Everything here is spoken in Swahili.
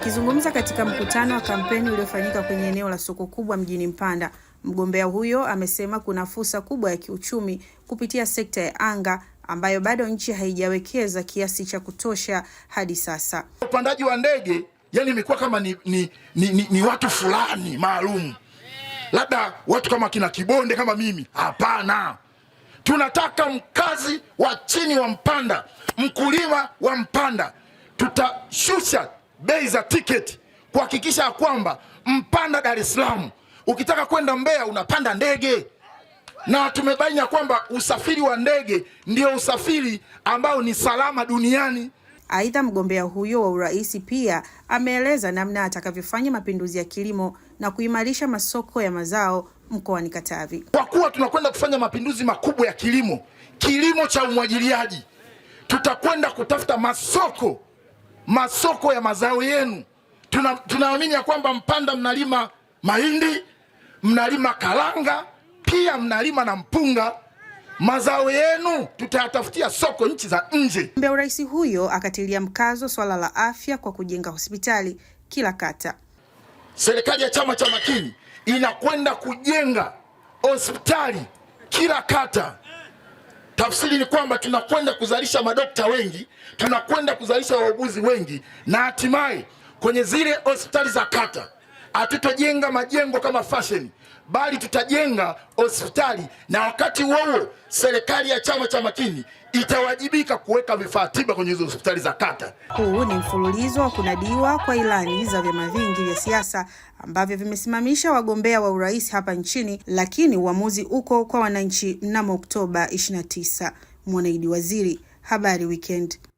Akizungumza katika mkutano wa kampeni uliofanyika kwenye eneo la soko kubwa mjini Mpanda, mgombea huyo amesema kuna fursa kubwa ya kiuchumi kupitia sekta ya anga ambayo bado nchi haijawekeza kiasi cha kutosha hadi sasa. Upandaji wa ndege yani imekuwa kama ni, ni, ni, ni, ni watu fulani maalum, labda watu kama kina Kibonde kama mimi. Hapana, tunataka mkazi wa chini wa Mpanda, mkulima wa Mpanda tutashusha bei za tiketi kuhakikisha ya kwamba mpanda Dar es Salaam ukitaka kwenda Mbeya unapanda ndege, na tumebaini ya kwamba usafiri wa ndege ndio usafiri ambao ni salama duniani. Aidha, mgombea huyo wa urais pia ameeleza namna atakavyofanya mapinduzi ya kilimo na kuimarisha masoko ya mazao mkoani Katavi. Kwa kuwa tunakwenda kufanya mapinduzi makubwa ya kilimo, kilimo cha umwagiliaji, tutakwenda kutafuta masoko masoko ya mazao yenu. Tunaamini tuna ya kwamba Mpanda mnalima mahindi, mnalima karanga, pia mnalima na mpunga mazao yenu tutayatafutia soko nchi za nje. Mgombea urais huyo akatilia mkazo swala la afya kwa kujenga hospitali kila kata. Serikali ya Chama cha Makini inakwenda kujenga hospitali kila kata. Tafsiri ni kwamba tunakwenda kuzalisha madokta wengi, tunakwenda kuzalisha wauguzi wengi, na hatimaye kwenye zile hospitali za kata Hatutajenga majengo kama fashion, bali tutajenga hospitali, na wakati huo serikali ya chama cha Makini itawajibika kuweka vifaa tiba kwenye hizo hospitali za kata. Huu ni mfululizo wa kunadiwa kwa ilani za vyama vingi vya siasa ambavyo vimesimamisha wagombea wa urais hapa nchini, lakini uamuzi uko kwa wananchi mnamo Oktoba 29. Mwanaidi Waziri, Habari Weekend.